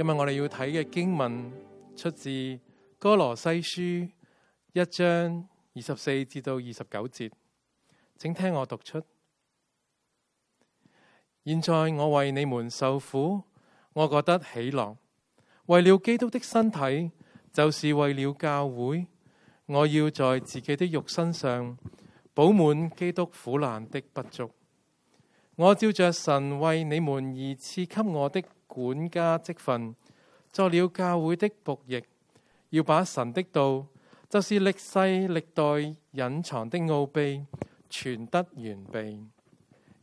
今日我哋要睇嘅經文出自《哥羅西書》一章二十四至到二十九節，請聽我讀出。現在我為你們受苦，我覺得喜樂。為了基督的身體，就是為了教會，我要在自己的肉身上，補滿基督苦難的不足。我照着神為你們而賜給我的。管家職分，作了教會的僕役，要把神的道，就是歷世歷代隱藏的奧秘，傳得完備。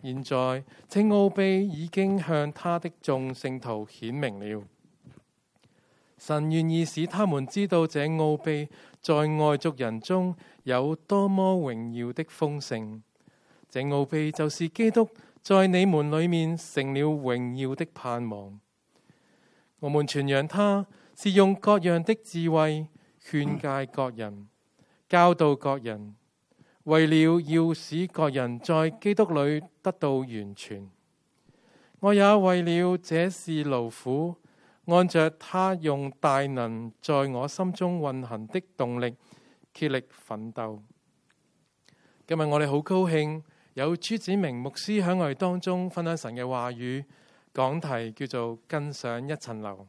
現在，這奧秘已經向他的眾聖徒顯明了。神願意使他們知道這奧秘在外族人中有多麼榮耀的豐盛。這奧秘就是基督在你們裏面成了榮耀的盼望。我們傳揚他，是用各樣的智慧勸戒各人、教導各人，為了要使各人在基督裏得到完全。我也為了這事勞苦，按着他用大能在我心中運行的動力竭力奮鬥。今日我哋好高興有朱子明牧師喺我哋當中分享神嘅話語。講題叫做更上一層樓。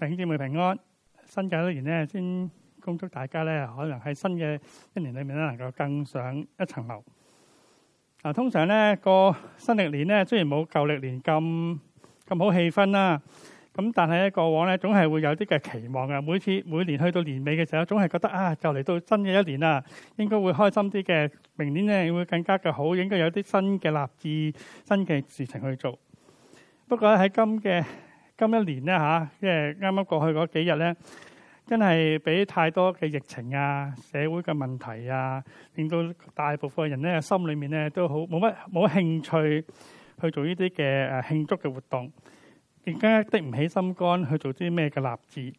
弟兄姊妹平安，新嘅一年咧，先恭祝大家咧，可能喺新嘅一年裏面咧，能夠更上一層樓。嗱、啊，通常咧個新歷年咧，雖然冇舊歷年咁咁好氣氛啦、啊，咁但係咧過往咧總係會有啲嘅期望嘅。每次每年去到年尾嘅時候，總係覺得啊，就嚟到新嘅一年啦，應該會開心啲嘅。明年咧會更加嘅好，應該有啲新嘅立志，新嘅事情去做。不過咧喺今嘅今一年咧吓、啊，即係啱啱過去嗰幾日咧。真係俾太多嘅疫情啊，社會嘅問題啊，令到大部分人咧心裏面咧都好冇乜冇興趣去做呢啲嘅誒慶祝嘅活動，更加的唔起心肝去做啲咩嘅立志。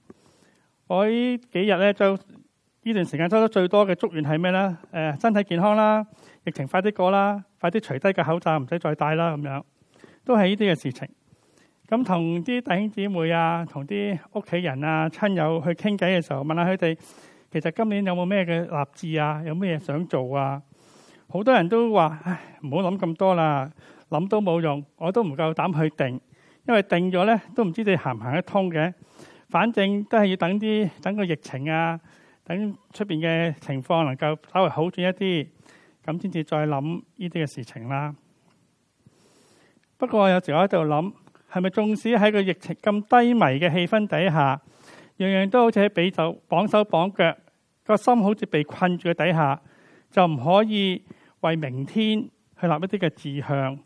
我呢幾日咧，就呢段時間收到最多嘅祝願係咩咧？誒，身體健康啦，疫情快啲過啦，快啲除低個口罩唔使再戴啦，咁樣都係呢啲嘅事情。咁同啲弟兄姊妹啊，同啲屋企人啊、親友去傾偈嘅時候，問下佢哋其實今年有冇咩嘅立志啊，有咩嘢想做啊？好多人都話，唉，唔好諗咁多啦，諗都冇用，我都唔夠膽去定，因為定咗咧都唔知你行唔行得通嘅。反正都係要等啲等個疫情啊，等出邊嘅情況能夠稍微好轉一啲，咁先至再諗呢啲嘅事情啦。不過有時我喺度諗。係咪縱使喺個疫情咁低迷嘅氣氛底下，樣樣都好似喺被手綁手綁腳，個心好似被困住嘅底下，就唔可以為明天去立一啲嘅志向，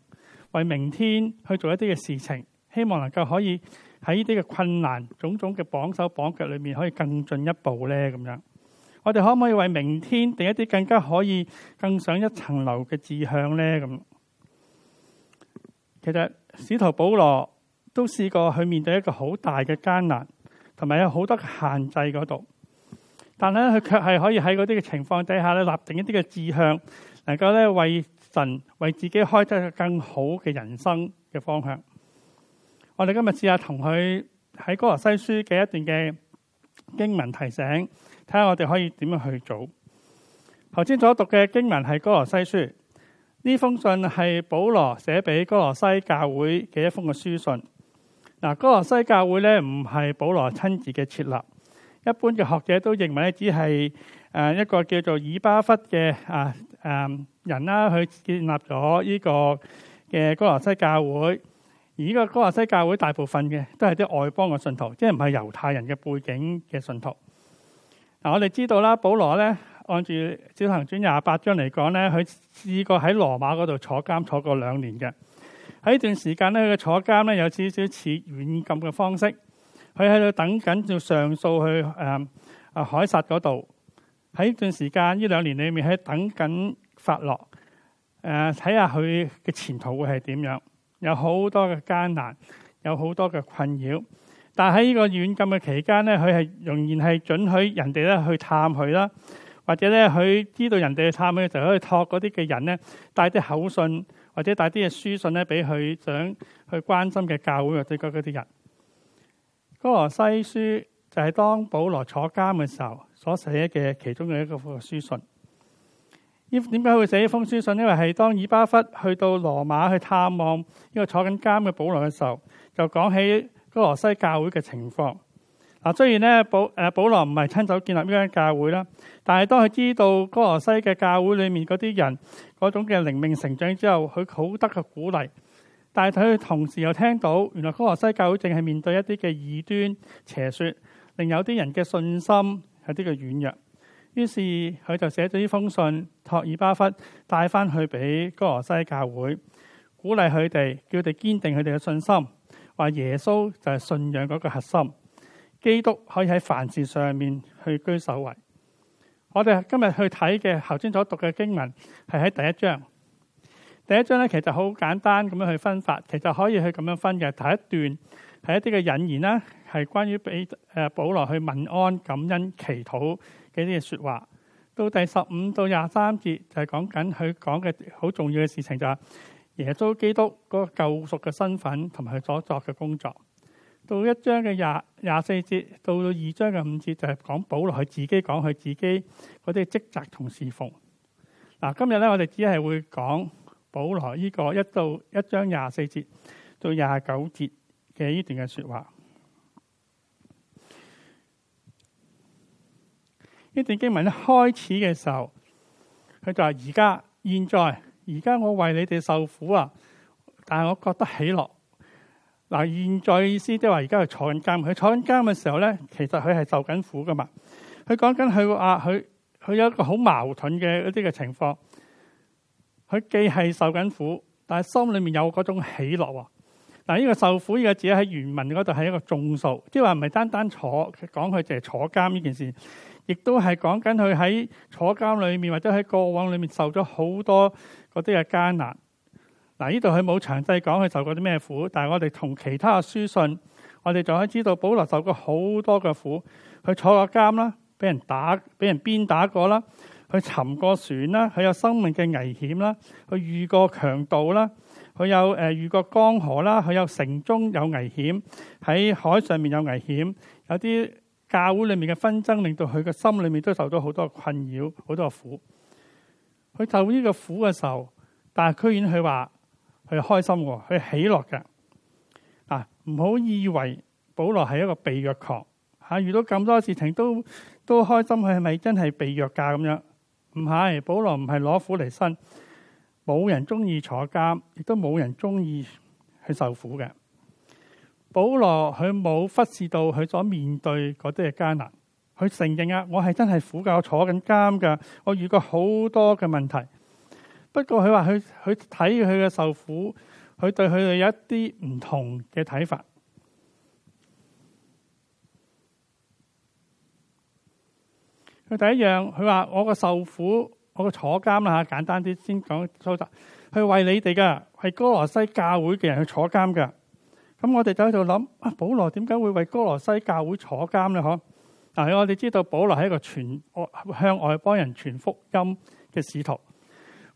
為明天去做一啲嘅事情，希望能夠可以喺呢啲嘅困難、種種嘅綁手綁腳裏面，可以更進一步咧咁樣。我哋可唔可以為明天定一啲更加可以更上一層樓嘅志向咧咁？其實使徒保羅。都試過去面對一個好大嘅艱難，同埋有好多限制嗰度。但係咧，佢卻係可以喺嗰啲嘅情況底下咧，立定一啲嘅志向，能夠咧為神為自己開出更好嘅人生嘅方向。我哋今日試下同佢喺哥羅西書嘅一段嘅經文提醒，睇下我哋可以點樣去做。頭先所讀嘅經文係哥羅西書，呢封信係保羅寫俾哥羅西教會嘅一封嘅書信。嗱，哥羅西教會咧，唔係保羅親自嘅設立，立，一般嘅學者都認為咧，只係誒一個叫做以巴弗嘅啊誒人啦，佢建立咗呢個嘅哥羅西教會。而呢個哥羅西教會大部分嘅都係啲外邦嘅信徒，即係唔係猶太人嘅背景嘅信徒。嗱，我哋知道啦，保羅咧按住《使徒行傳》廿八章嚟講咧，佢試過喺羅馬嗰度坐監坐過兩年嘅。喺呢段時間咧，佢坐監咧有少少似軟禁嘅方式，佢喺度等緊要上訴去誒、呃、啊海薩嗰度。喺呢段時間呢兩年裏面，喺等緊發落，誒睇下佢嘅前途會係點樣。有好多嘅艱難，有好多嘅困擾。但喺呢個軟禁嘅期間咧，佢係仍然係准許人哋咧去探佢啦，或者咧佢知道人哋去探佢，就可以託嗰啲嘅人咧帶啲口信。或者帶啲嘅書信咧，俾佢想去關心嘅教會或者嗰啲人。哥羅西書就係當保羅坐監嘅時候所寫嘅其中嘅一個書信。佢點解會寫呢封書信？因為係當以巴弗去到羅馬去探望呢個坐緊監嘅保羅嘅時候，就講起哥羅西教會嘅情況。嗱，雖然咧保誒保羅唔係親手建立呢間教會啦，但係當佢知道哥羅西嘅教會裏面嗰啲人嗰種嘅靈命成長之後，佢好得嘅鼓勵。但係佢同時又聽到，原來哥羅西教會淨係面對一啲嘅異端邪說，令有啲人嘅信心有啲嘅軟弱。於是佢就寫咗呢封信託爾巴弗帶翻去俾哥羅西教會，鼓勵佢哋，叫佢哋堅定佢哋嘅信心，話耶穌就係信仰嗰個核心。基督可以喺凡事上面去居首位。我哋今日去睇嘅頭先所讀嘅經文係喺第一章。第一章咧其實好簡單咁樣去分法，其實可以去咁樣分嘅。第一段係一啲嘅引言啦，係關於俾誒保羅去問安、感恩、祈禱嘅啲嘅說話。到第十五到廿三節就係講緊佢講嘅好重要嘅事情，就係耶穌基督嗰個救贖嘅身份同埋佢所作嘅工作。到一章嘅廿廿四節，到二章嘅五節就係講保羅佢自己講佢自己佢啲職責同侍奉。嗱，今日咧我哋只係會講保羅呢個一到一章廿四節到廿九節嘅呢段嘅說話。呢段經文咧開始嘅時候，佢就話：而家現在，而家我為你哋受苦啊，但係我覺得喜樂。嗱，現在嘅意思即係話，而家佢坐緊監，佢坐緊監嘅時候咧，其實佢係受緊苦噶嘛。佢講緊佢佢佢有一個好矛盾嘅一啲嘅情況。佢既係受緊苦，但係心裏面有嗰種喜樂。嗱，呢個受苦呢個字喺原文嗰度係一個眾數，即係話唔係單單坐講佢淨係坐監呢件事，亦都係講緊佢喺坐監裏面或者喺過往裏面受咗好多嗰啲嘅艱難。嗱，呢度佢冇詳細講佢受過啲咩苦，但係我哋同其他書信，我哋就可以知道保羅受過好多嘅苦，佢坐過監啦，俾人打，俾人鞭打過啦，佢沉過船啦，佢有生命嘅危險啦，佢遇過強盜啦，佢有、呃、遇過江河啦，佢有城中有危險，喺海上面有危險，有啲教會裏面嘅紛爭令到佢嘅心裏面都受到好多困擾，好多苦。佢受呢個苦嘅時候，但係居然佢話。佢開心，佢喜樂嘅啊！唔好以為保羅係一個被虐狂吓、啊，遇到咁多事情都都開心，佢係咪真係被虐架咁樣？唔係，保羅唔係攞苦嚟辛，冇人中意坐監，亦都冇人中意去受苦嘅。保羅佢冇忽視到佢所面對嗰啲嘅艱難，佢承認啊，我係真係苦教坐緊監噶，我遇過好多嘅問題。不過佢話佢佢睇佢嘅受苦，佢對佢哋有一啲唔同嘅睇法。佢第一樣，佢話我個受苦，我個坐監啦吓，簡單啲先講蘇澤。佢為你哋噶，係哥羅西教會嘅人去坐監噶。咁我哋就喺度諗啊，保羅點解會為哥羅西教會坐監咧？嗬？嗱，我哋知道保羅係一個傳向外幫人傳福音嘅使徒。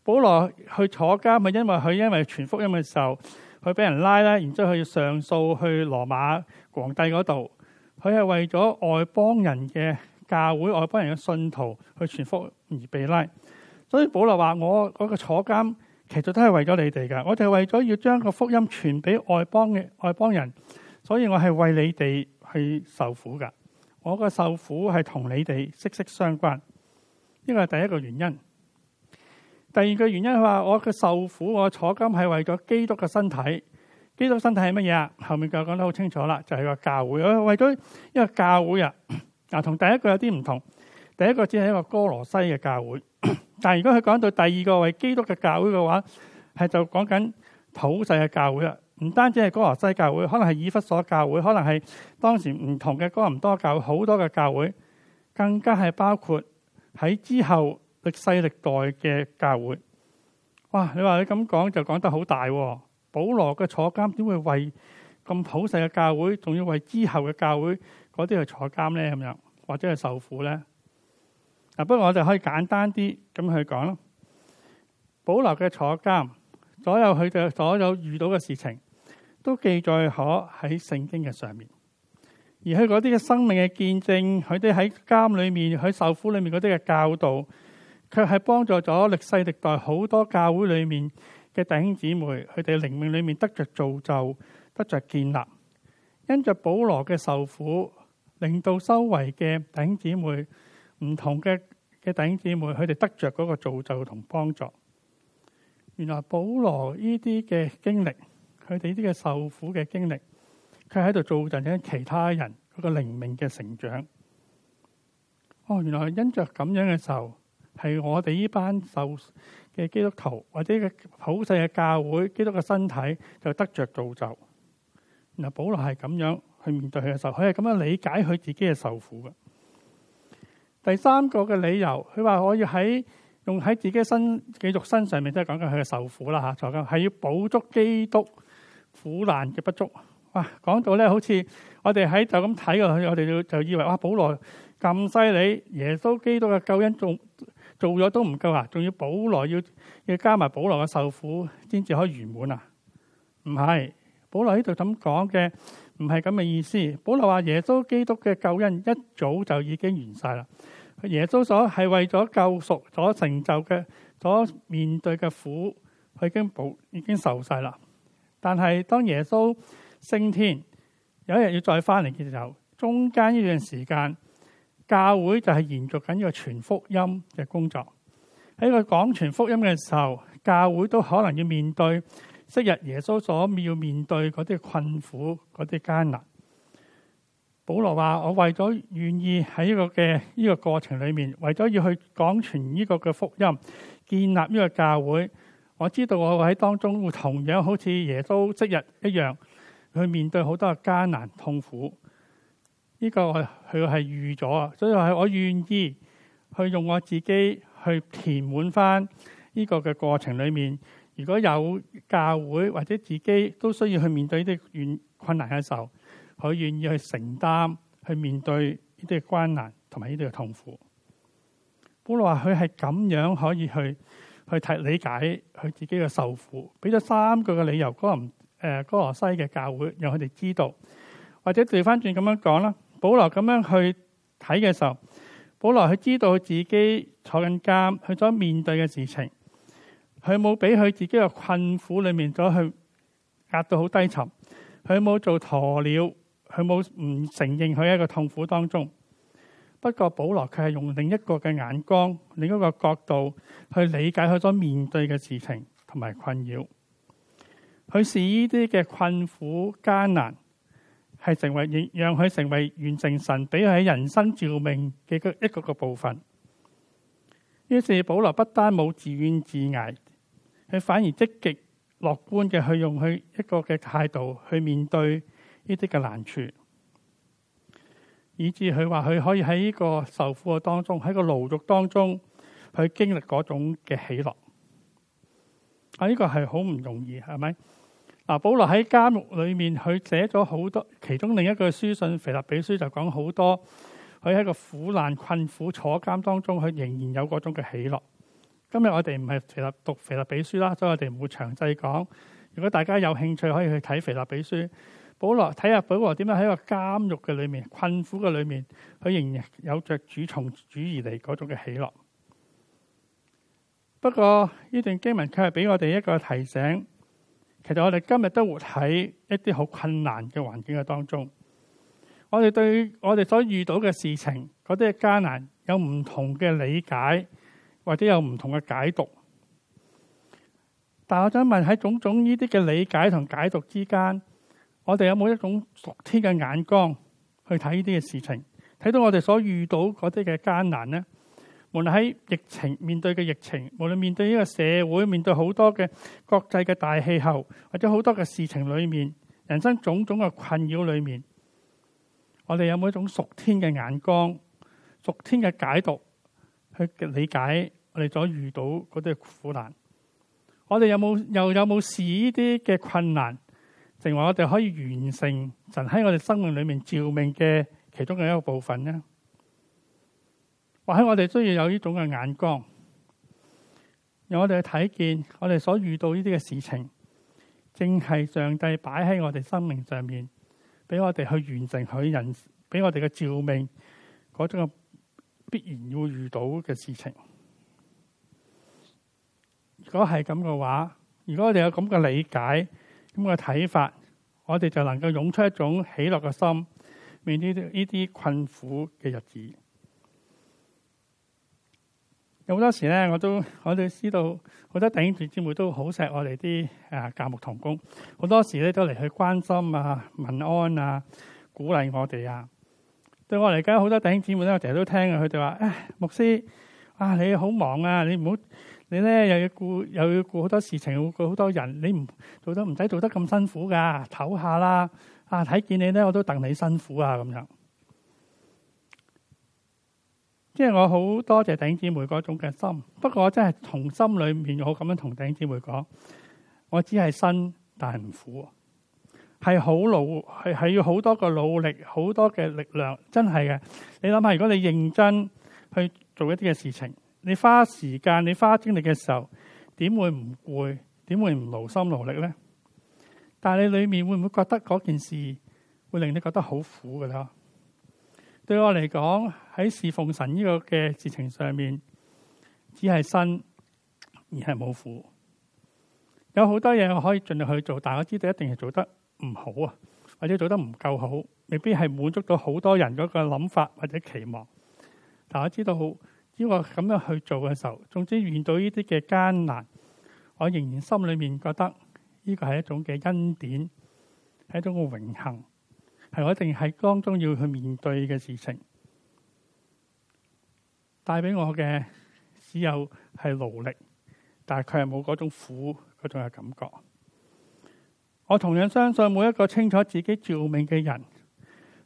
保羅去坐監，咪因為佢因為傳福音嘅時候佢俾人拉咧，然之後佢要上訴去羅馬皇帝嗰度，佢係為咗外邦人嘅教會、外邦人嘅信徒去傳福音而被拉。所以保羅話：我嗰個坐監其實都係為咗你哋噶我哋為咗要將個福音傳俾外邦嘅外邦人，所以我係為你哋去受苦噶。我個受苦係同你哋息息相關，呢個係第一個原因。第二個原因係話：我嘅受苦，我坐金坐監係為咗基督嘅身體。基督身體係乜嘢啊？後面就講得好清楚啦，就係個教會。我係為咗一個教會啊。嗱，同第一個有啲唔同。第一個只係一個哥羅西嘅教會，但係如果佢講到第二個為基督嘅教會嘅話，係就講緊普世嘅教會啦。唔單止係哥羅西教會，可能係以弗所教會，可能係當時唔同嘅哥林多的教好多嘅教會，更加係包括喺之後。歷世歷代嘅教會，哇！你話你咁講就講得好大喎。保羅嘅坐監，點會為咁普世嘅教會，仲要為之後嘅教會嗰啲去坐監咧？咁樣或者係受苦咧？嗱，不過我哋可以簡單啲咁去講咯。保羅嘅坐監，所有佢嘅所有遇到嘅事情，都記載可喺聖經嘅上面。而佢嗰啲嘅生命嘅見證，佢哋喺監裏面、喺受苦裏面嗰啲嘅教導。卻係幫助咗歷世歷代好多教會裏面嘅弟兄姊妹，佢哋靈命裏面得着造就，得着建立。因着保羅嘅受苦，令到周圍嘅弟兄姊妹，唔同嘅嘅弟兄姊妹，佢哋得着嗰個造就同幫助。原來保羅呢啲嘅經歷，佢哋呢啲嘅受苦嘅經歷，佢喺度造就緊其他人嗰個靈命嘅成長。哦，原來因着咁樣嘅受。係我哋呢班受嘅基督徒，或者嘅普世嘅教會，基督嘅身體就得着造就。然後保羅係咁樣去面對佢嘅受，佢係咁樣理解佢自己嘅受苦嘅。第三個嘅理由，佢話我要喺用喺自己身，繼續身上面，即係講緊佢嘅受苦啦。吓，就係要補足基督苦難嘅不足。哇，講到咧，好似我哋喺就咁睇過，我哋就就以為哇，保羅咁犀利，耶穌基督嘅救恩仲。做咗都唔夠啊！仲要保羅要要加埋保羅嘅受苦先至可以圓滿啊！唔係保羅喺度咁講嘅，唔係咁嘅意思。保羅話：耶穌基督嘅救恩一早就已經完曬啦。耶穌所係為咗救贖所成就嘅、所面對嘅苦，佢已經保、已經受曬啦。但係當耶穌升天，有一日要再翻嚟嘅時候，中間呢段時間。教會就係延續緊呢個傳福音嘅工作，喺佢廣傳福音嘅時候，教會都可能要面對昔日耶穌所要面對嗰啲困苦、嗰啲艱難。保羅話：我為咗願意喺呢個嘅呢個過程裏面，為咗要去講傳呢個嘅福音，建立呢個教會，我知道我喺當中會同樣好似耶穌昔日一樣，去面對好多嘅艱難痛苦。呢個佢係預咗啊，所以係我願意去用我自己去填滿翻呢個嘅過程裏面。如果有教會或者自己都需要去面對呢啲困難嘅時候，佢願意去承擔去面對呢啲嘅困難同埋呢啲嘅痛苦。本來話佢係咁樣可以去去睇理解佢自己嘅受苦，俾咗三個嘅理由，哥林誒哥羅西嘅教會讓佢哋知道，或者調翻轉咁樣講啦。保羅咁樣去睇嘅時候，保羅佢知道自己坐緊監，去咗面對嘅事情，佢冇俾佢自己嘅困苦裏面咗去壓到好低沉，佢冇做鴕鳥，佢冇唔承認佢喺一個痛苦當中。不過保羅佢係用另一個嘅眼光，另一個角度去理解佢所面對嘅事情同埋困擾，佢使呢啲嘅困苦艱難。係成為，讓佢成為完成神俾佢喺人生召命嘅一個個部分。於是保羅不單冇自怨自艾，佢反而積極樂觀嘅去用佢一個嘅態度去面對呢啲嘅難處，以致佢話佢可以喺呢個受苦嘅當中，喺個牢獄當中去經歷嗰種嘅喜樂。啊，呢、這個係好唔容易，係咪？嗱，保羅喺監獄裏面，佢寫咗好多。其中另一個書信《腓立比書》就講好多。佢喺個苦難、困苦、坐監當中，佢仍然有嗰種嘅喜樂。今日我哋唔係腓立讀《腓立比書》啦，所以我哋唔會詳細講。如果大家有興趣，可以去睇《腓立比書》。保羅睇下保羅點樣喺個監獄嘅裏面、困苦嘅裏面，佢仍然有着主從主而嚟嗰種嘅喜樂。不過呢段經文，卻係俾我哋一個提醒。其實我哋今日都活喺一啲好困難嘅環境嘅當中，我哋對我哋所遇到嘅事情嗰啲嘅艱難有唔同嘅理解或者有唔同嘅解讀，但我想問喺種種呢啲嘅理解同解讀之間，我哋有冇一種屬天嘅眼光去睇呢啲嘅事情，睇到我哋所遇到嗰啲嘅艱難咧？無論喺疫情，面對嘅疫情，無論面對呢個社會，面對好多嘅國際嘅大氣候，或者好多嘅事情裏面，人生種種嘅困擾裏面，我哋有冇一種屬天嘅眼光、屬天嘅解讀去理解我哋所遇到嗰啲苦難？我哋有冇又有冇視呢啲嘅困難，成為我哋可以完成神喺我哋生命裏面召命嘅其中嘅一個部分呢？或者我哋需要有呢種嘅眼光，讓我哋去睇見我哋所遇到呢啲嘅事情，正係上帝擺喺我哋生命上面，俾我哋去完成佢人，俾我哋嘅召命，嗰種必然要遇到嘅事情。如果係咁嘅話，如果我哋有咁嘅理解，咁嘅睇法，我哋就能夠湧出一種喜樂嘅心，面對呢啲困苦嘅日子。有好多時咧，我都我哋知道好多弟兄姊妹都好錫我哋啲誒教牧同工，好多時咧都嚟去關心啊、問安啊、鼓勵我哋啊。對我嚟講，好多弟兄姊妹咧，我成日都聽啊，佢哋話誒牧師啊，你好忙啊，你唔好你咧又要顧又要顧好多事情，又顧好多人，你唔做得唔使做得咁辛苦㗎，唞下啦啊，睇見你咧我都戥你辛苦啊咁樣。即係我好多謝頂姐妹嗰種嘅心，不過我真係從心裏面好咁樣同頂姐妹講，我只係辛但係唔苦，係好努係係要好多個努力好多嘅力量，真係嘅。你諗下，如果你認真去做一啲嘅事情，你花時間你花精力嘅時候，點會唔攰？點會唔勞心勞力呢？但係你裏面會唔會覺得嗰件事會令你覺得好苦㗎啦？對我嚟講，喺侍奉神呢個嘅事情上面，只係身，而係冇苦。有好多嘢我可以盡力去做，但我知道一定係做得唔好啊，或者做得唔夠好，未必係滿足到好多人嗰個諗法或者期望。但我知道好，如果我咁樣去做嘅時候，總之遇到呢啲嘅艱難，我仍然心裏面覺得呢、呢個係一種嘅恩典，係一種嘅榮幸。係我一定喺當中要去面對嘅事情，帶俾我嘅只有係勞力，但係佢係冇嗰種苦嗰種嘅感覺。我同樣相信每一個清楚自己召命嘅人，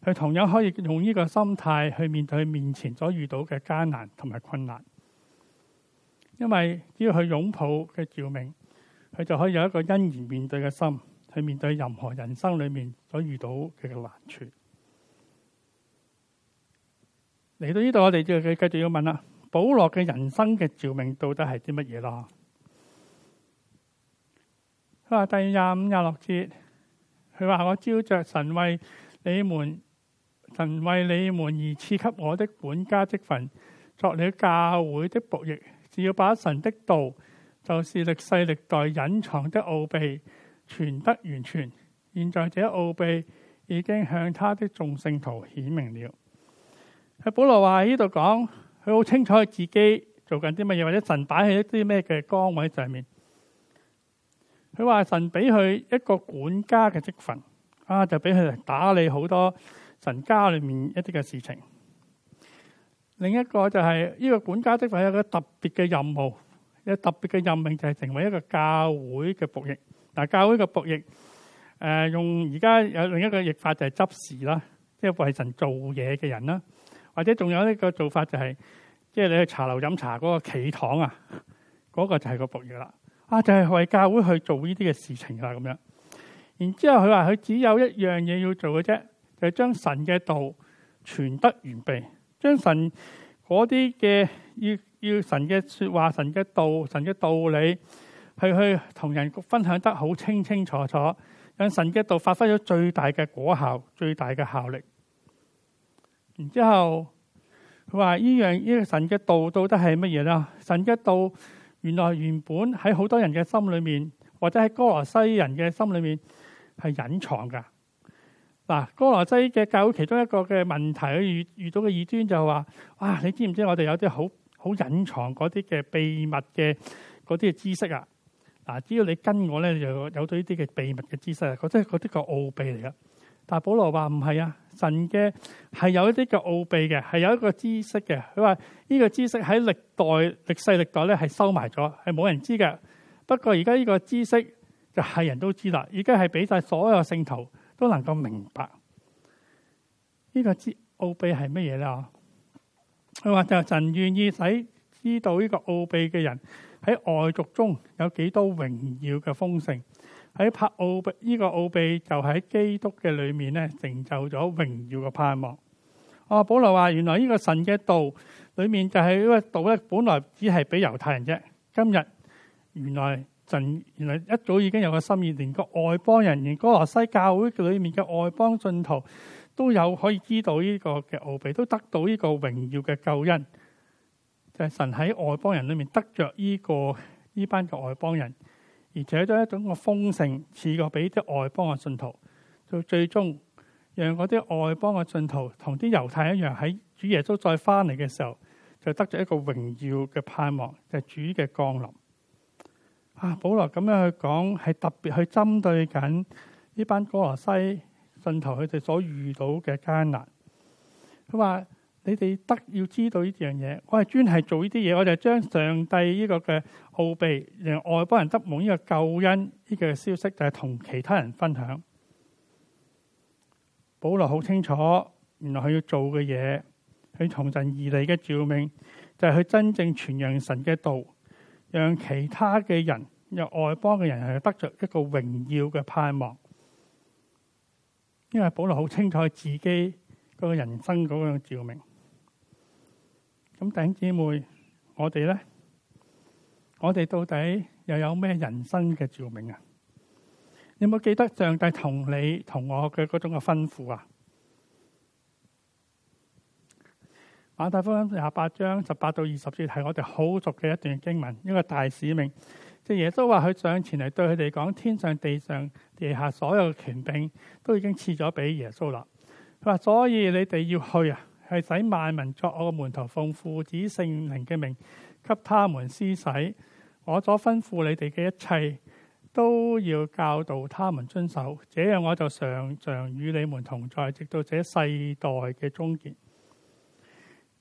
佢同樣可以用呢個心態去面對面前所遇到嘅艱難同埋困難，因為只要佢擁抱嘅召命，佢就可以有一個欣然面對嘅心。去面對任何人生裏面所遇到嘅難處。嚟到呢度，我哋就繼續要問啦：保羅嘅人生嘅召命到底係啲乜嘢啦？佢話第廿五廿六節，佢話我招照着神為你們，神為你們而賜給我的管家職份，作了教會的僕役，只要把神的道，就是歷世歷代隱藏的奧秘。傳得完全。現在這奧秘已經向他的眾聖徒顯明了。喺保羅話呢度講，佢好清楚自己做緊啲乜嘢，或者神擺喺一啲咩嘅崗位上面。佢話神俾佢一個管家嘅職份啊，就俾佢打理好多神家裏面一啲嘅事情。另一個就係、是、呢、這個管家職份有一個特別嘅任務，有特別嘅任命，就係成為一個教會嘅僕役。嗱，教會個僕役，誒、呃，用而家有另一個譯法就係、是、執事啦，即、就、係、是、為神做嘢嘅人啦，或者仲有呢個做法就係、是，即、就、係、是、你去茶樓飲茶嗰個企堂啊，嗰、那個就係個僕役啦，啊，就係、是、為教會去做呢啲嘅事情啦，咁樣。然之後佢話佢只有一樣嘢要做嘅啫，就係、是、將神嘅道傳得完備，將神嗰啲嘅要要神嘅說話、神嘅道、神嘅道理。去去同人分享得好清清楚楚，向神嘅道發揮咗最大嘅果效、最大嘅效力。然之後佢話呢樣呢個神嘅道到底係乜嘢啦？神嘅道原來原本喺好多人嘅心裏面，或者喺哥羅西人嘅心裏面係隱藏噶。嗱，哥羅西嘅教會其中一個嘅問題，遇遇到嘅異端就話：哇，你知唔知道我哋有啲好好隱藏嗰啲嘅秘密嘅嗰啲知識啊？嗱，只要你跟我咧，就有到呢啲嘅秘密嘅知識啦。嗰即係嗰啲個奧秘嚟噶。但係保羅話唔係啊，神嘅係有一啲嘅奧秘嘅，係有一個知識嘅。佢話呢個知識喺歷代歷世歷代咧係收埋咗，係冇人知嘅。不過而家呢個知識就係人都知啦，而家係俾晒所有聖徒都能夠明白呢、這個知奧秘係乜嘢咧？佢話就係神願意使知道呢個奧秘嘅人。喺外族中有幾多榮耀嘅豐盛？喺帕奧秘呢、這個奧秘就喺基督嘅裏面咧成就咗榮耀嘅盼望。哦、啊，保羅話：原來呢個神嘅道裏面就係呢個道咧，本來只係俾猶太人啫。今日原來神原來一早已經有個心意，連個外邦人，連哥羅西教會裏面嘅外邦信徒都有可以知道呢個嘅奧秘，都得到呢個榮耀嘅救恩。神喺外邦人裏面得着呢、這個呢班嘅外邦人，而且都一種嘅豐盛，賜過俾啲外邦嘅信徒，到最終讓嗰啲外邦嘅信徒同啲猶太一樣，喺主耶穌再翻嚟嘅時候，就得着一個榮耀嘅盼望，就是、主嘅降臨。啊，保羅咁樣去講，係特別去針對緊呢班哥羅西信徒佢哋所遇到嘅艱難。佢話。你哋得要知道呢樣嘢，我係專係做呢啲嘢，我就是將上帝呢個嘅奧秘，讓外邦人得蒙呢個救恩呢個消息，就係、是、同其他人分享。保羅好清楚，原來佢要做嘅嘢，佢從神而嚟嘅召命，就係、是、佢真正傳揚神嘅道，讓其他嘅人，讓外邦嘅人係得着一個榮耀嘅盼望。因為保羅好清楚自己嗰個人生嗰樣召命。咁弟兄姊妹，我哋咧，我哋到底又有咩人生嘅召命啊？你有冇記得上帝同你同我嘅嗰種嘅吩咐啊？馬太福音廿八章十八到二十節係我哋好熟嘅一段經文，一個大使命。即耶穌話佢上前嚟對佢哋講，天上地上地下所有嘅權柄都已經賜咗俾耶穌啦。佢話，所以你哋要去啊！係使萬民作我嘅門徒，奉父子聖靈嘅名，給他們施洗。我所吩咐你哋嘅一切，都要教導他們遵守。這樣我就常常與你們同在，直到這世代嘅終結。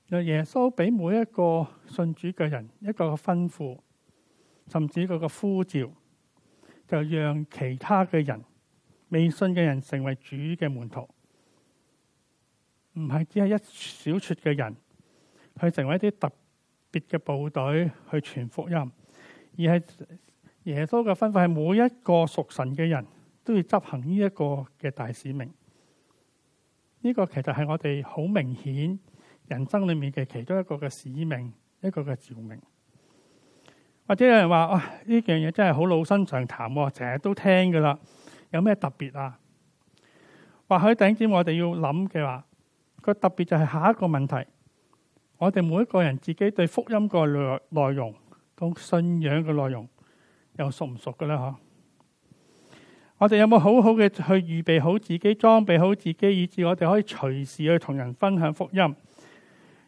讓耶穌俾每一個信主嘅人一個個吩咐，甚至佢嘅呼召，就讓其他嘅人未信嘅人成為主嘅門徒。唔係只係一小撮嘅人去成為一啲特別嘅部隊去傳福音，而係耶穌嘅吩咐係每一個屬神嘅人都要執行呢一個嘅大使命。呢個其實係我哋好明顯人生裏面嘅其中一個嘅使命，一個嘅召命。或者有人話：哇、哎，呢樣嘢真係好老生常談，我成日都聽噶啦，有咩特別啊？或許頂點，我哋要諗嘅話。個特別就係下一個問題，我哋每一個人自己對福音個內內容，講信仰嘅內容，又熟唔熟㗎咧？嗬，我哋有冇好好嘅去預備好自己，裝備好自己，以至我哋可以隨時去同人分享福音，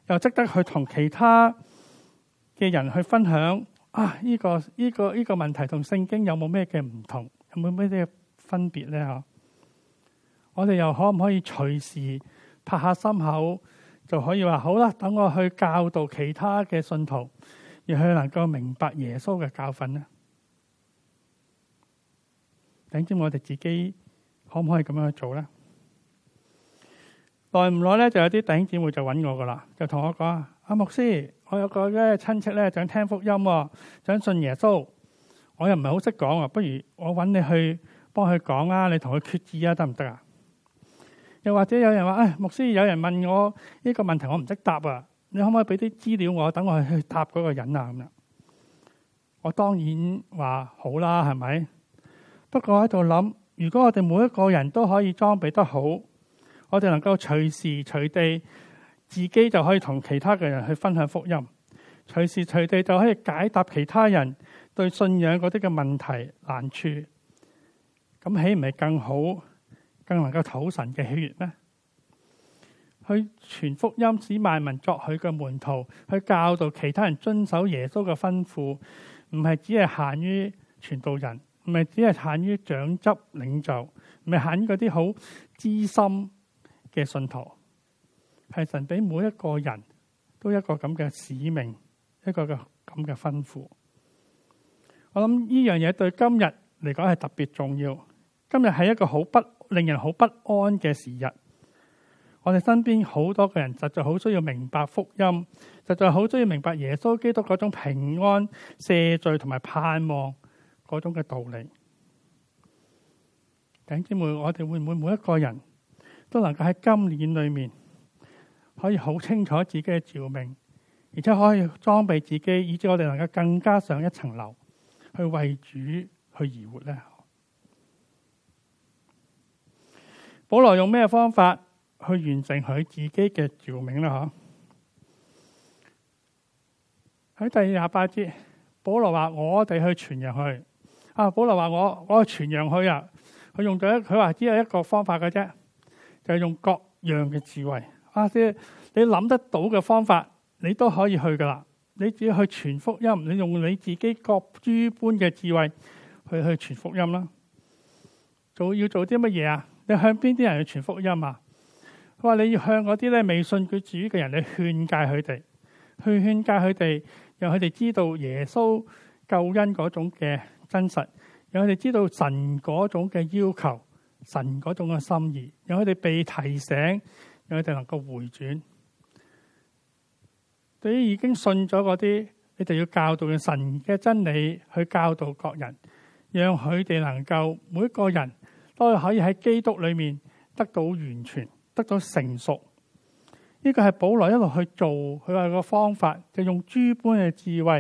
又值得去同其他嘅人去分享啊！呢個呢個呢個問題同聖經有冇咩嘅唔同，有冇咩嘅分別咧？嗬，我哋又可唔可以隨時？拍下心口就可以話好啦，等我去教導其他嘅信徒，要去能夠明白耶穌嘅教訓呢。弟兄姊妹，我哋自己可唔可以咁樣去做呢？耐唔耐咧？就有啲弟兄姊妹就揾我噶啦，就同我講啊，阿牧師，我有個咧親戚咧想聽福音，想信耶穌，我又唔係好識講啊，不如我揾你去幫佢講啊，你同佢決志啊，得唔得啊？又或者有人話，誒、哎，牧師，有人問我呢個問題，我唔識答啊，你可唔可以俾啲資料我，等我去去答嗰個人啊？咁我當然話好啦，係咪？不過喺度諗，如果我哋每一個人都可以裝備得好，我哋能夠隨時隨地自己就可以同其他嘅人去分享福音，隨時隨地就可以解答其他人對信仰嗰啲嘅問題難處，咁豈唔係更好？更能夠討神嘅喜悦咩？去傳福音，使萬民作佢嘅門徒，去教導其他人遵守耶穌嘅吩咐。唔係只係限於傳道人，唔係只係限於長執領袖，唔係限於嗰啲好資深嘅信徒，係神俾每一個人都一個咁嘅使命，一個嘅咁嘅吩咐。我諗呢樣嘢對今日嚟講係特別重要。今日係一個好不。令人好不安嘅時日，我哋身邊好多嘅人實在好需要明白福音，實在好需要明白耶穌基督嗰種平安、赦罪同埋盼望嗰種嘅道理。弟兄姊妹，我哋會唔會每一個人都能夠喺今年裏面可以好清楚自己嘅召命，而且可以裝備自己，以至我哋能夠更加上一層樓，去為主去而活呢？保羅用咩方法去完成佢自己嘅召命咧？吓，喺第二廿八節，保羅話我哋去傳揚去。啊，保羅話我我去傳揚去啊。佢用咗佢話只有一個方法嘅啫，就係用各樣嘅智慧。啊，即係你諗得到嘅方法，你都可以去噶啦。你只要去傳福音，你用你自己各諸般嘅智慧去去傳福音啦。做要做啲乜嘢啊？你向邊啲人去傳福音啊？佢話你要向嗰啲咧未信佢主嘅人去勸誡佢哋，去勸誡佢哋，讓佢哋知道耶穌救恩嗰種嘅真實，讓佢哋知道神嗰種嘅要求，神嗰種嘅心意，讓佢哋被提醒，讓佢哋能夠回轉。對於已經信咗嗰啲，你就要教導嘅神嘅真理，去教導各人，讓佢哋能夠每一個人。都可以喺基督裏面得到完全，得到成熟。呢、這個係保羅一路去做佢話個方法，就用諸般嘅智慧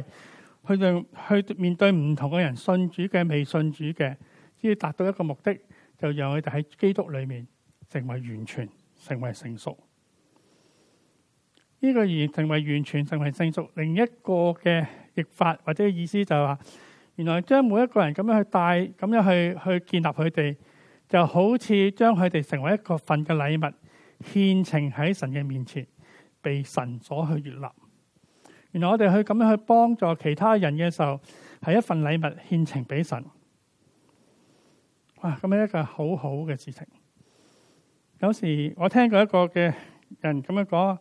去讓去面對唔同嘅人，信主嘅未信主嘅，只要達到一個目的，就讓佢哋喺基督裏面成為完全，成為成熟。呢、這個而成為完全，成為成熟，另一個嘅譯法或者意思就係話，原來將每一個人咁樣去帶，咁樣去樣去，去建立佢哋。就好似將佢哋成為一個份嘅禮物，獻呈喺神嘅面前，被神所去悅納。原來我哋去咁樣去幫助其他人嘅時候，係一份禮物獻呈俾神。哇！咁樣一個好好嘅事情。有時我聽過一個嘅人咁樣講，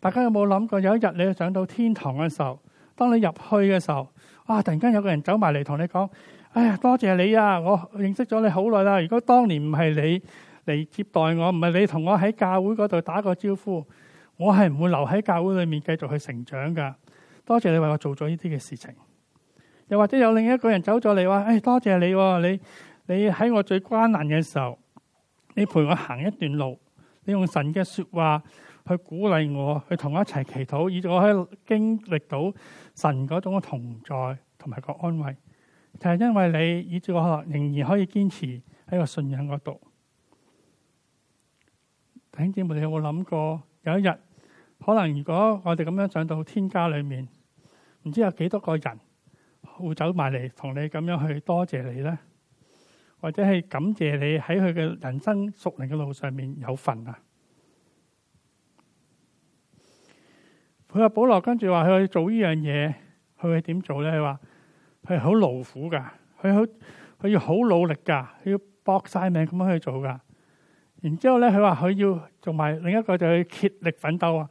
大家有冇諗過？有一日你去上到天堂嘅時候，當你入去嘅時候，哇、啊、突然間有個人走埋嚟同你講。哎呀，多謝你啊！我認識咗你好耐啦。如果當年唔係你嚟接待我，唔係你同我喺教會嗰度打個招呼，我係唔會留喺教會裏面繼續去成長噶。多謝你為我做咗呢啲嘅事情。又或者有另一個人走咗嚟話，哎，多謝你啊，你你喺我最艱難嘅時候，你陪我行一段路，你用神嘅說話去鼓勵我，去同我一齊祈禱，以我喺經歷到神嗰種嘅同在同埋個安慰。係因為你以住個可能仍然可以堅持喺個信仰嗰度。弟兄姊妹，你有冇諗過有一日，可能如果我哋咁樣上到天家裏面，唔知有幾多個人會走埋嚟，同你咁樣去多謝你咧，或者係感謝你喺佢嘅人生屬靈嘅路上面有份啊！佢話保羅跟住話佢去做呢樣嘢，佢會點做咧？佢話。係好勞苦噶，佢好佢要好努力噶，佢要搏晒命咁樣去做噶。然之後咧，佢話佢要做埋另一個就去竭力奮鬥啊，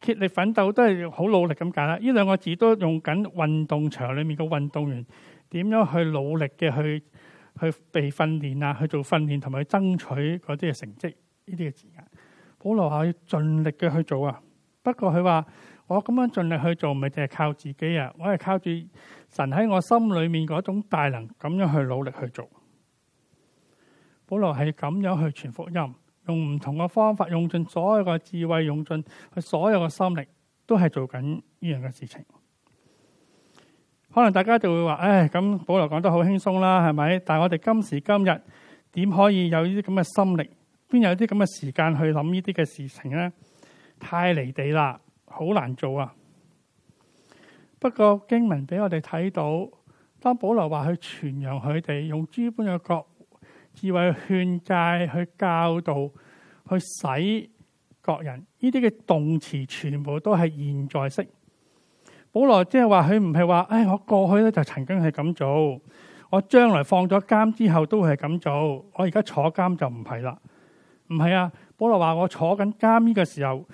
竭力奮鬥都係好努力咁解啦。呢兩個字都用緊運動場裏面嘅運動員點樣去努力嘅去去被訓練啊，去做訓練同埋去爭取嗰啲嘅成績呢啲嘅字眼。保羅話要盡力嘅去做啊，不過佢話。我咁樣盡力去做，唔係淨係靠自己啊！我係靠住神喺我心裏面嗰種大能，咁樣去努力去做。保羅係咁樣去傳福音，用唔同嘅方法，用盡所有嘅智慧，用盡佢所有嘅心力，都係做緊呢樣嘅事情。可能大家就會話：唉、哎，咁保羅講得好輕鬆啦，係咪？但係我哋今時今日，點可以有呢啲咁嘅心力？邊有啲咁嘅時間去諗呢啲嘅事情咧？太離地啦！好難做啊！不過經文俾我哋睇到，當保羅話去傳揚佢哋，用諸般嘅角智慧勸戒、去教導，去使各人，呢啲嘅動詞全部都係現在式。保羅即係話佢唔係話，誒、哎，我過去咧就曾經係咁做，我將來放咗監之後都係咁做，我而家坐監就唔係啦，唔係啊！保羅話我坐緊監呢個時候。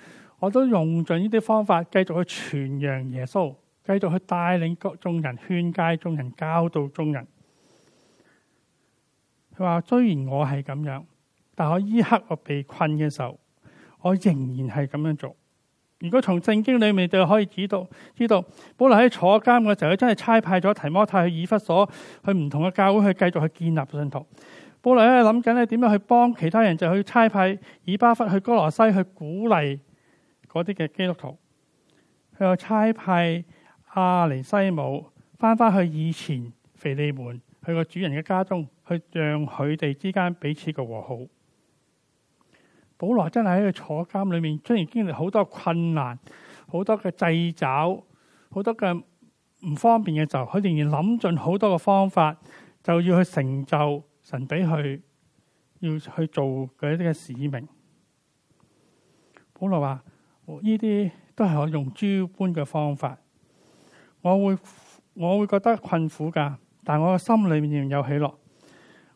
我都用盡呢啲方法，繼續去傳揚耶穌，繼續去帶領各眾人，勸誡眾人，教導眾人。佢話：雖然我係咁樣，但我依刻我被困嘅時候，我仍然係咁樣做。如果從聖經裏面就可以知道，知道保羅喺坐監嘅時候，佢真係差派咗提摩太去以弗所，去唔同嘅教會去繼續去建立信徒。保羅喺度諗緊咧點樣去幫其他人，就是，去差派以巴弗去哥羅西去鼓勵。嗰啲嘅基督徒，佢又差派阿尼西姆翻返去以前腓利門佢個主人嘅家中，去讓佢哋之間彼此嘅和好。保羅真係喺佢坐監裏面，雖然經歷好多嘅困難、好多嘅掣肘、好多嘅唔方便嘅時候，佢仍然諗盡好多嘅方法，就要去成就神俾佢要去做佢一啲嘅使命。保羅話。呢啲都係我用諸般嘅方法，我會我會覺得困苦㗎，但我嘅心裏面仍然有喜樂。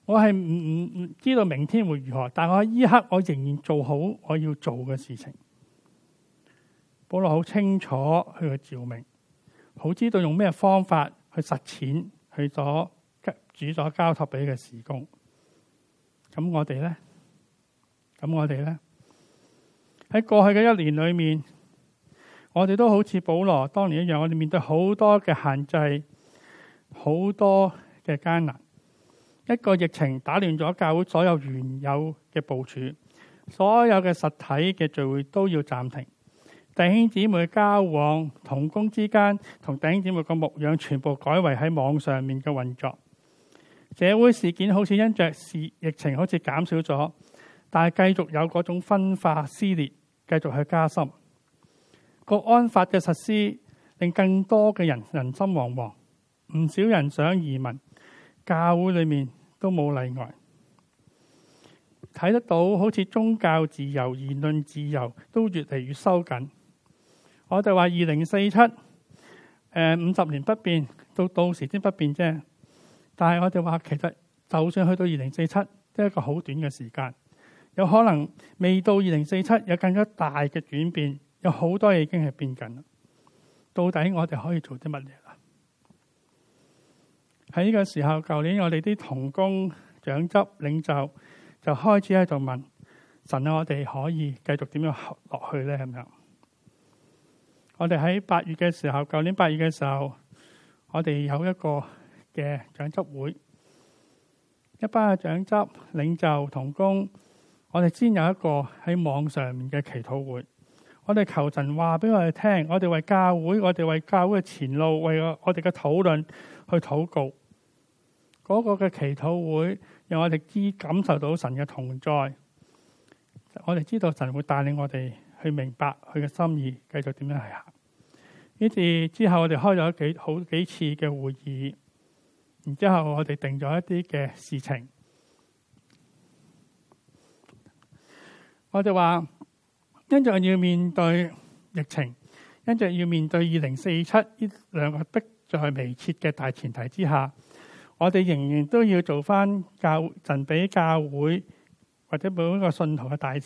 我係唔唔唔知道明天會如何，但我喺依刻我仍然做好我要做嘅事情。保羅好清楚佢嘅照明，好知道用咩方法去實踐，去咗主咗交託俾嘅事工那們呢。咁我哋咧，咁我哋咧。喺過去嘅一年裏面，我哋都好似保羅當年一樣，我哋面對好多嘅限制，好多嘅艱難。一個疫情打亂咗教會所有原有嘅部署，所有嘅實體嘅聚會都要暫停。弟兄姊妹交往、同工之間同弟兄姊妹嘅牧養全部改為喺網上面嘅運作。社會事件好似因着事疫情，好似減少咗，但係繼續有嗰種分化撕裂。繼續去加深，國安法嘅實施令更多嘅人人心惶惶，唔少人想移民，教會裏面都冇例外。睇得到，好似宗教自由、言論自由都越嚟越收緊。我哋話二零四七，誒，五十年不變，到到時先不變啫。但係我哋話，其實就算去到二零四七，都係一個好短嘅時間。有可能未到二零四七，有更加大嘅轉變，有好多嘢已經係變緊。到底我哋可以做啲乜嘢啦？喺呢個時候，舊年我哋啲同工、長執、領袖就開始喺度問神、啊：我哋可以繼續點樣落去呢？係咪？我哋喺八月嘅時候，舊年八月嘅時候，我哋有一個嘅長執會，一班嘅長執、領袖、同工。我哋先有一個喺網上面嘅祈禱會，我哋求神話俾我哋聽，我哋為教會，我哋為教會嘅前路，為我哋嘅討論去禱告。嗰個嘅祈禱會，讓我哋知感受到神嘅同在。我哋知道神會帶領我哋去明白佢嘅心意，繼續點樣嚟行。於是之後我哋開咗幾好幾次嘅會議，然之後我哋定咗一啲嘅事情。我哋話，因著要面對疫情，因著要面對二零四七呢兩個迫在眉睫嘅大前提之下，我哋仍然都要做翻教神俾教會或者每一個信徒嘅大嘅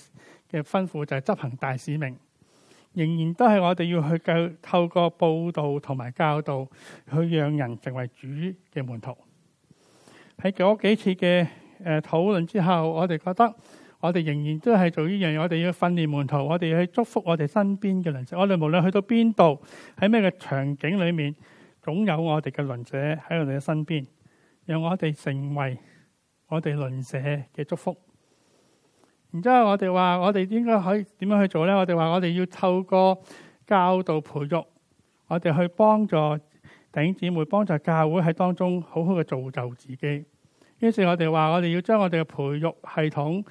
吩咐，就係、是、執行大使命。仍然都係我哋要去透透過布道同埋教導去讓人成為主嘅門徒。喺嗰幾次嘅誒討論之後，我哋覺得。我哋仍然都係做呢樣嘢，我哋要訓練門徒，我哋去祝福我哋身邊嘅鄰舍。我哋無論去到邊度，喺咩嘅場景裏面，總有我哋嘅鄰舍喺我哋嘅身邊，讓我哋成為我哋鄰舍嘅祝福。然之後我哋話，我哋應該可以點樣去做呢？我哋話，我哋要透過教導培育，我哋去幫助弟兄姊妹，幫助教會喺當中好好嘅造就自己。於是我哋話，我哋要將我哋嘅培育系統。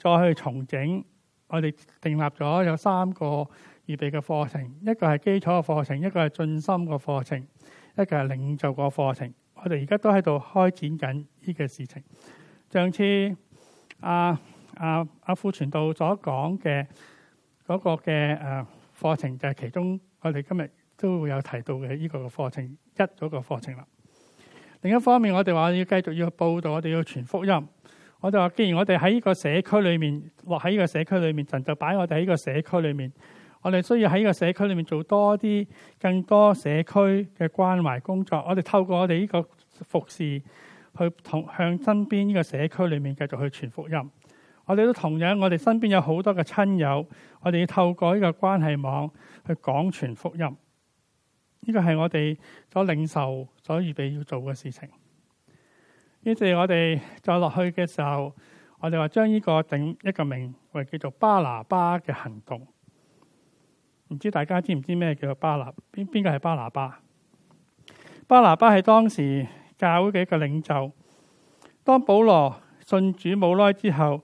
再去重整，我哋定立咗有三個預備嘅課程，一個係基礎嘅課程，一個係進深嘅課程，一個係領袖個課程。我哋而家都喺度開展緊呢個事情。上次阿阿阿富傳道所講嘅嗰個嘅誒課程，就係、是、其中我哋今日都會有提到嘅呢個嘅課程一嗰個課程啦。另一方面，我哋話要繼續要報道，我哋要傳福音。我就話，既然我哋喺呢個社區裏面，落喺呢個社區裏面，神就擺我哋喺呢個社區裏面。我哋需要喺呢個社區裏面做多啲、更多社區嘅關懷工作。我哋透過我哋呢個服侍，去同向身邊呢個社區裏面繼續去傳福音。我哋都同樣，我哋身邊有好多嘅親友，我哋要透過呢個關係網去廣傳福音。呢個係我哋所領受、所預備要做嘅事情。於是我哋再落去嘅時候，我哋話將呢、呢個整一個名為叫做巴拿巴嘅行動。唔知大家知唔知咩叫做巴拿？邊邊個係巴拿巴？巴拿巴係當時教會嘅一個領袖。當保羅信主冇耐之後，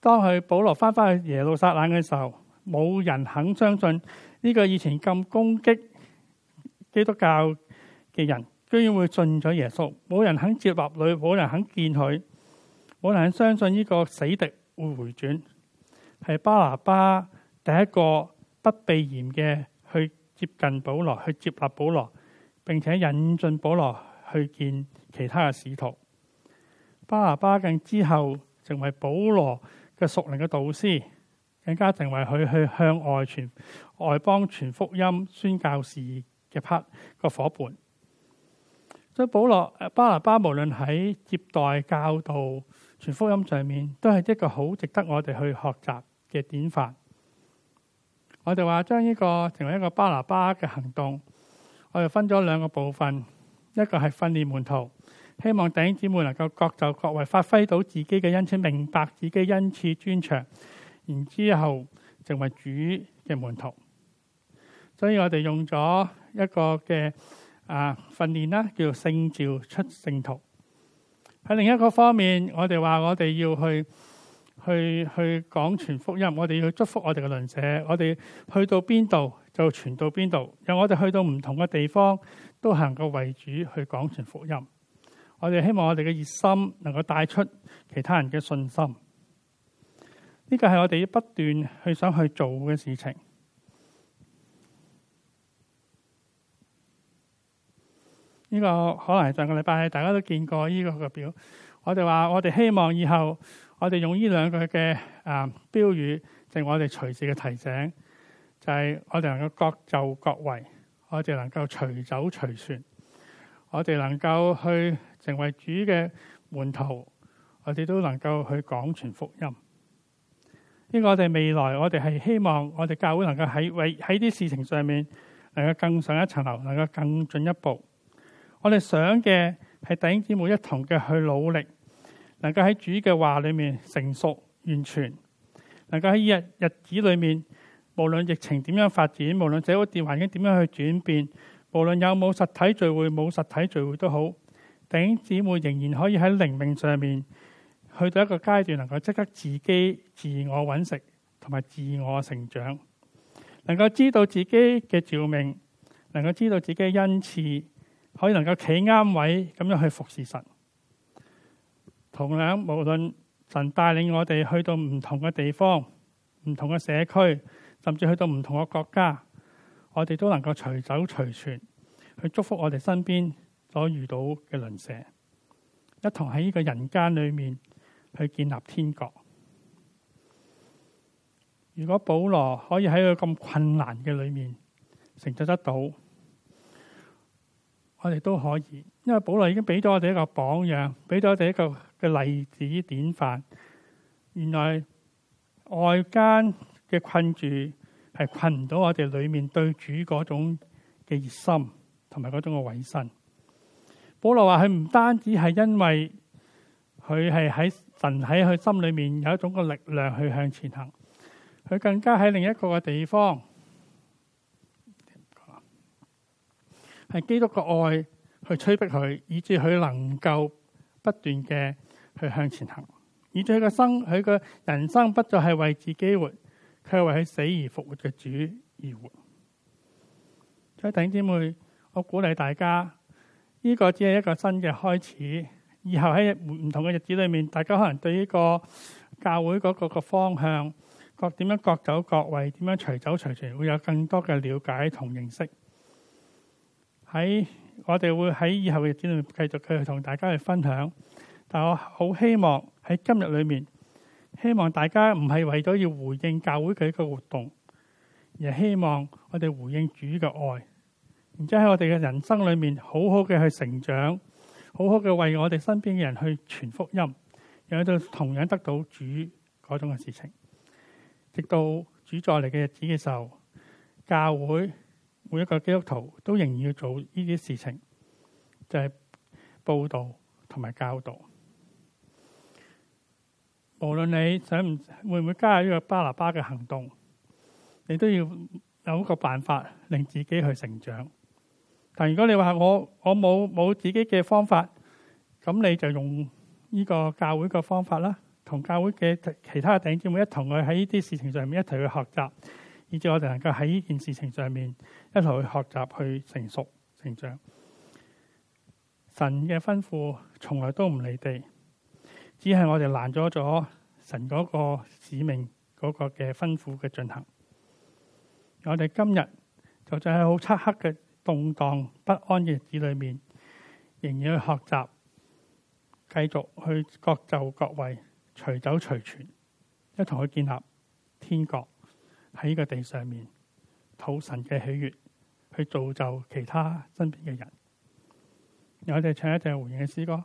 當佢保羅翻返去耶路撒冷嘅時候，冇人肯相信呢個以前咁攻擊基督教嘅人。居然會信咗耶穌，冇人肯接納佢，冇人肯見佢，冇人肯相信呢個死敵會回轉。係巴拿巴第一個不避嫌嘅去接近保羅，去接納保羅，並且引進保羅去見其他嘅使徒。巴拿巴更之後成為保羅嘅屬靈嘅導師，更加成為佢去向外傳外邦傳福音、宣教士嘅 part 個伙伴。都保羅巴拿巴無論喺接待教導、傳福音上面，都係一個好值得我哋去學習嘅典範。我哋話將呢個成為一個巴拿巴嘅行動，我哋分咗兩個部分，一個係訓練門徒，希望弟兄姊妹能夠各就各位，發揮到自己嘅恩賜，明白自己恩賜專長，然之後成為主嘅門徒。所以我哋用咗一個嘅。啊！訓練啦，叫做聖召出聖徒。喺另一個方面，我哋話我哋要去去去廣傳福音，我哋要去祝福我哋嘅鄰舍，我哋去到邊度就傳到邊度，讓我哋去到唔同嘅地方都能夠為主去廣傳福音。我哋希望我哋嘅熱心能夠帶出其他人嘅信心。呢個係我哋不斷去想去做嘅事情。呢個可能上個禮拜大家都見過呢個個表。我哋話，我哋希望以後我哋用呢兩個嘅誒標語，成為我哋隨時嘅提醒，就係我哋能夠各就各位，我哋能夠隨走隨傳，我哋能夠去成為主嘅門徒，我哋都能夠去廣傳福音。呢個我哋未來，我哋係希望我哋教會能夠喺喺啲事情上面能夠更上一層樓，能夠更進一步。我哋想嘅係弟兄姊妹一同嘅去努力，能夠喺主嘅話裏面成熟完全，能夠喺日日子裏面，無論疫情點樣發展，無論社會環境點樣去轉變，無論有冇實體聚會，冇實體聚會都好，弟兄姊妹仍然可以喺靈命上面去到一個階段，能夠即刻自己自我揾食同埋自我成長，能夠知道自己嘅召命，能夠知道自己嘅恩賜。可以能夠企啱位，咁樣去服侍神。同樣，無論神帶領我哋去到唔同嘅地方、唔同嘅社區，甚至去到唔同嘅國家，我哋都能夠隨走隨傳，去祝福我哋身邊所遇到嘅鄰舍，一同喺呢個人間裏面去建立天國。如果保羅可以喺佢咁困難嘅裏面承受得到。我哋都可以，因為保羅已經俾咗我哋一個榜樣，俾咗我哋一個嘅例子典範。原來外間嘅困住係困唔到我哋裏面對主嗰種嘅熱心，同埋嗰種嘅委身。保羅話佢唔單止係因為佢係喺神喺佢心裏面有一種嘅力量去向前行，佢更加喺另一個嘅地方。係基督嘅愛去催逼佢，以致佢能夠不斷嘅去向前行，以致佢個生佢個人生不再係為自己活，佢係為佢死而復活嘅主而活。所以弟兄姐妹，我鼓勵大家，呢、這個只係一個新嘅開始，以後喺唔同嘅日子裏面，大家可能對呢個教會嗰個個方向，各點樣各走各位，點樣隨走隨傳，會有更多嘅了解同認識。喺我哋會喺以後嘅日子裏繼續去同大家去分享，但我好希望喺今日裏面，希望大家唔係為咗要回應教會佢一個活動，而是希望我哋回應主嘅愛，然之後喺我哋嘅人生裏面好好嘅去成長，好好嘅為我哋身邊嘅人去傳福音，然後就同樣得到主嗰種嘅事情，直到主再嚟嘅日子嘅時候，教會。每一個基督徒都仍然要做呢啲事情，就係、是、布道同埋教導。無論你想唔會唔會加入呢個巴拿巴嘅行動，你都要有一個辦法令自己去成長。但如果你話我我冇冇自己嘅方法，咁你就用呢個教會嘅方法啦，同教會嘅其他嘅弟兄姊妹一同去喺呢啲事情上面一齊去學習。以至我哋能夠喺呢件事情上面，一同去學習、去成熟、成長。神嘅吩咐從來都唔離地，只係我哋攔咗咗神嗰個使命嗰個嘅吩咐嘅進行。我哋今日就正喺好漆黑嘅動蕩不安嘅日子裏面，仍然去學習，繼續去各就各位，隨走隨傳，一同去建立天國。喺呢個地上面，討神嘅喜悅，去造就其他身邊嘅人。我哋唱一隻回應嘅詩歌。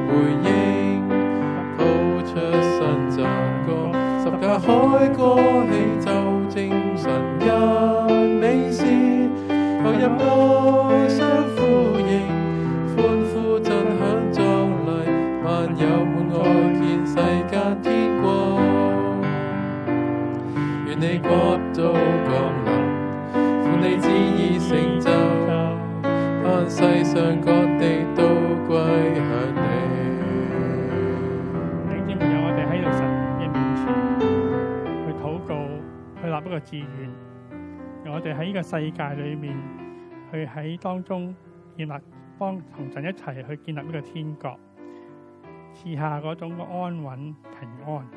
自願，我哋喺呢個世界裏面，去喺當中建立，幫同神一齊去建立呢個天國，賜下嗰種個安穩平安。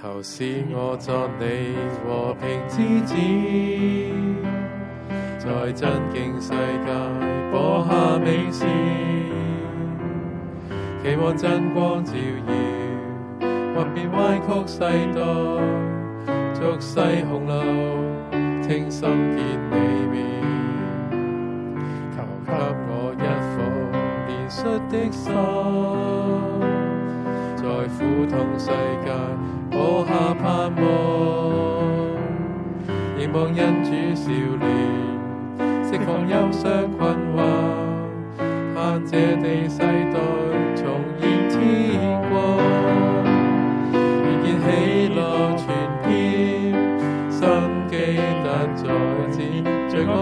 求使我作你和平之子，在真境世界播下美善，期望真光照耀。莫被歪曲世道，俗世洪流，傾心見你面。求給我一顆憐恤的心，在苦痛世界播下盼望。凝望恩主少年，釋放憂傷困惑，盼這地世代。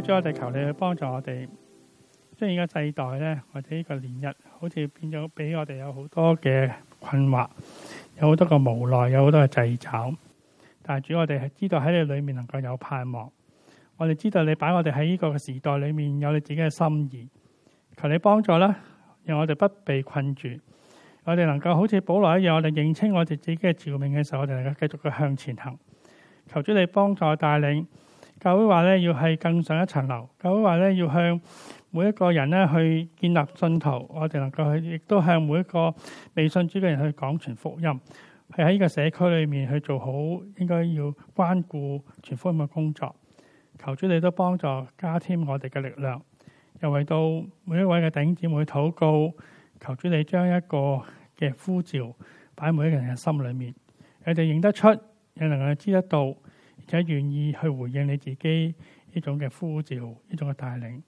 主我哋求你去幫助我哋，即係而家世代咧，或者呢個年日，好似變咗俾我哋有好多嘅困惑，有好多嘅無奈，有好多嘅掣肘。但係主我哋係知道喺你裏面能夠有盼望，我哋知道你擺我哋喺呢個時代裏面有你自己嘅心意，求你幫助啦，讓我哋不被困住，我哋能夠好似保羅一樣，我哋認清我哋自己嘅召命嘅時候，我哋能夠繼續去向前行。求主你幫助帶領。教會話咧要係更上一層樓，教會話咧要向每一個人咧去建立信徒，我哋能夠去，亦都向每一個未信主嘅人去講傳福音，係喺呢個社區裏面去做好應該要關顧傳福音嘅工作。求主你都幫助加添我哋嘅力量，又為到每一位嘅頂尖姊妹禱告，求主你將一個嘅呼召擺喺每一個人嘅心裏面，你哋認得出，又能夠知得到。且願意去回應你自己呢種嘅呼召，呢種嘅帶領。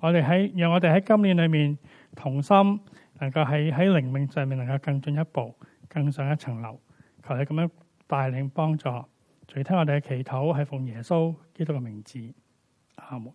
我哋喺，讓我哋喺今年裏面同心，能夠喺喺靈命上面能夠更進一步，更上一層樓。求你咁樣帶領幫助，垂聽我哋嘅祈禱係奉耶穌基督嘅名字，阿門。